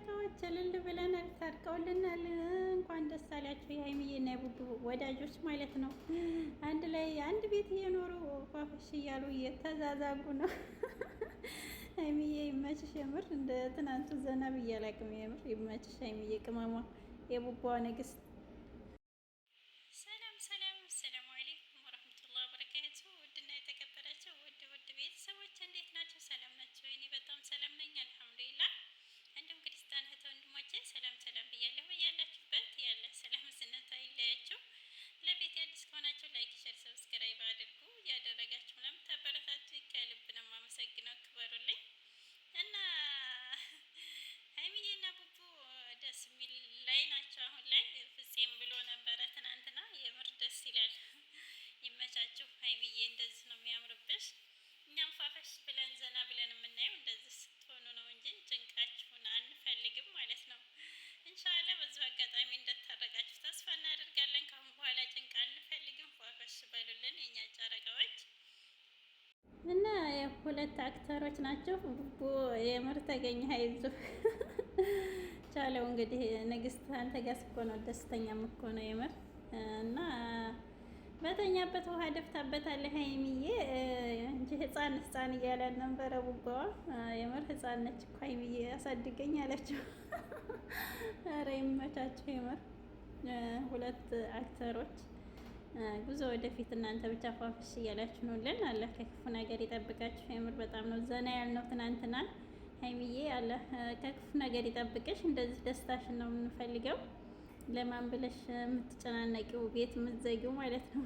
ጨረቃዎች እልል ብለን ታርቀውልናል። እንኳን ደስ አላችሁ የሀይሚዬና የቡቡ ወዳጆች ማለት ነው። አንድ ላይ አንድ ቤት እየኖሩ ፏፈሽ እያሉ እየተዛዛጉ ነው። ሀይሚዬ ይመችሽ፣ የምር እንደ ትናንቱ ዘና ብዬ አላቅም። የምር ይመችሽ ሀይሚዬ፣ ቅመሟ የቡቧ ንግስት ሰዎች እንዴት ናቸው? ሰላም ናቸው? እኔ በጣም ሰላም ነኝ፣ አልሐምዱሊላህ ሰብስክራይብ አድርጉ። እያደረጋችሁ ምናምን ከልብ ነው የማመሰግነው። ክበሩልኝ እና ሀይሚዬና ቡቡ ደስ የሚል ላይ ናቸው አሁን ላይ። ፍፄም ብሎ ነበረ ትናንትና፣ የምር ደስ ይላል። ይመቻችሁ ሀይሚዬ፣ እንደዚህ ነው የሚያምርብሽ። እኛም ፋፈሽ ብለን እንወዳለን የኛ ጨረቃዎች እና ሁለት አክተሮች ናቸው። ቡቡ የምር ተገኘ ሀይዙ ቻለው። እንግዲህ ንግስት አንተ ጋር እኮ ነው ደስተኛ እኮ ነው የምር እና በተኛበት ውሃ ደፍታበታለህ ሀይሚዬ እንጂ ህፃን ህፃን እያለ ነበረ። ቡባዋ የምር ህፃን ነች እኮ ሀይሚዬ አሳድገኝ አለችው። ኧረ ይመቻቸው የምር ሁለት አክተሮች ጉዞ ወደፊት እናንተ ብቻ ፏፍሽ እያላችሁ ነውልን። አላህ ከክፉ ነገር ይጠብቃችሁ። የምር በጣም ነው ዘና ያልነው ትናንትና። ሀይሚዬ አላህ ከክፉ ነገር ይጠብቅሽ። እንደዚህ ደስታሽን ነው የምንፈልገው። ለማን ብለሽ የምትጨናነቂው ቤት የምትዘጊው ማለት ነው።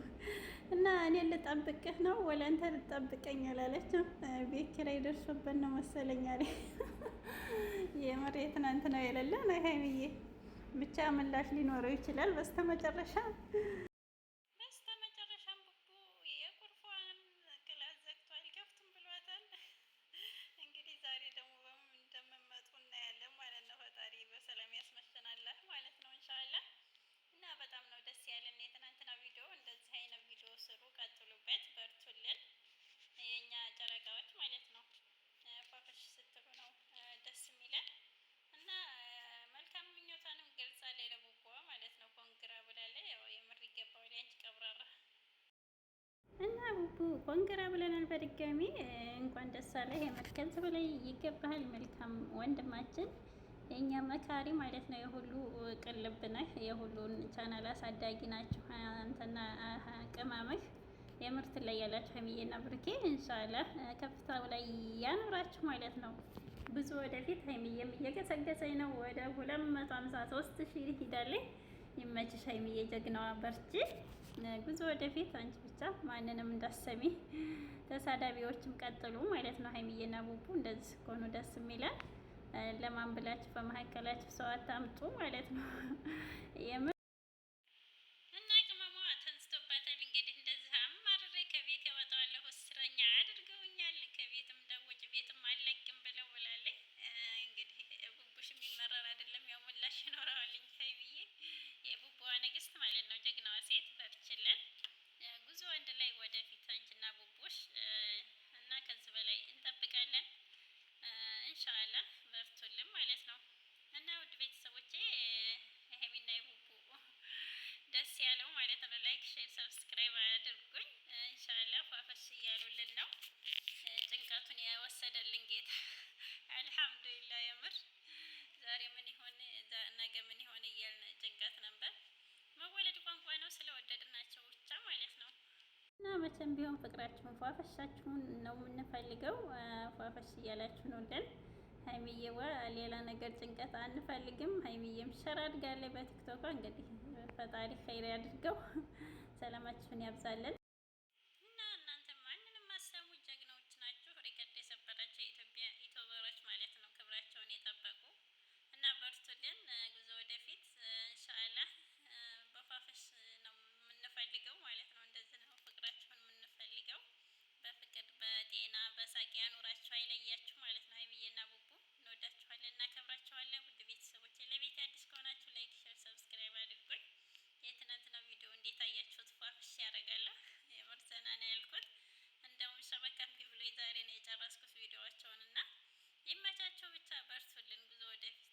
እና እኔ ልጠብቅህ ነው ወላ አንተ ልጠብቀኝ አላለች። ቤት ኪራይ ደርሶበት ነው መሰለኝ አለ። የምር የትናንት ነው የለለ ነው ሀይሚዬ። ብቻ ምላሽ ሊኖረው ይችላል በስተመጨረሻ ጨረቃዎች ማለት ነው። ፏፈሽ ስትሉ ነው ደስ የሚለን እና መልካም ምኞቷንም ገልጻ ላይ ለቡቡዋ ማለት ነው ኮንግራ ብላለ ያው የምር ይገባው ሊያንች ቀብራራ እና ቡቡ ኮንግራ ብለናል። በድጋሚ እንኳን ደስ አለ የመርከዝ በላይ ይገባሃል። መልካም ወንድማችን የእኛ መካሪ ማለት ነው። የሁሉ ቅልብ ነህ፣ የሁሉን ቻናል አሳዳጊ ናችሁ አንተና ቅማመህ የምርት ላይ ያላችሁ ሀይሚዬና ብርኬ ኢንሻአላህ ከፍታው ላይ ያኖራችሁ ማለት ነው። ብዙ ወደፊት ሀይሚዬም እየገሰገሰኝ ነው። ወደ 253 ሺህ ሂዳለች። ይመችሽ ሀይሚዬ፣ ጀግናዋ በርቺ። ብዙ ወደፊት አንቺ ብቻ ማንንም እንዳሰሚ ተሳዳቢዎችም ቀጥሉ ማለት ነው። ሀይሚዬና ቡቡ እንደዚህ ከሆኑ ደስ የሚላል። ለማን ብላችሁ በመሀከላችሁ ሰው አታምጡ ማለት ነው። ነገ ምን ይሆን እያልን ጭንቀት ነበር። መወለድ ቋንቋ ነው ስለወደድናቸው ብቻ ማለት ነው። እና መቼም ቢሆን ፍቅራችሁን ፏፈሻችሁን ነው የምንፈልገው። ፏፈሽ እያላችሁ ነው ደን ሀይሚዬ፣ ሌላ ነገር ጭንቀት አንፈልግም። ሀይሚዬም ሸራ አድጋለች በቲክቶኳ። እንግዲህ ፈጣሪ ኸይር ያድርገው፣ ሰላማችሁን ያብዛለን። ዘና ነው ያልኩት። እንደውም ሸበከም ብሎ ዛሬ ነው የጨረስኩት ቪዲዮዋቸውን እና ይመቻቸው ብቻ በርቱልን ጉዞ ወደፊት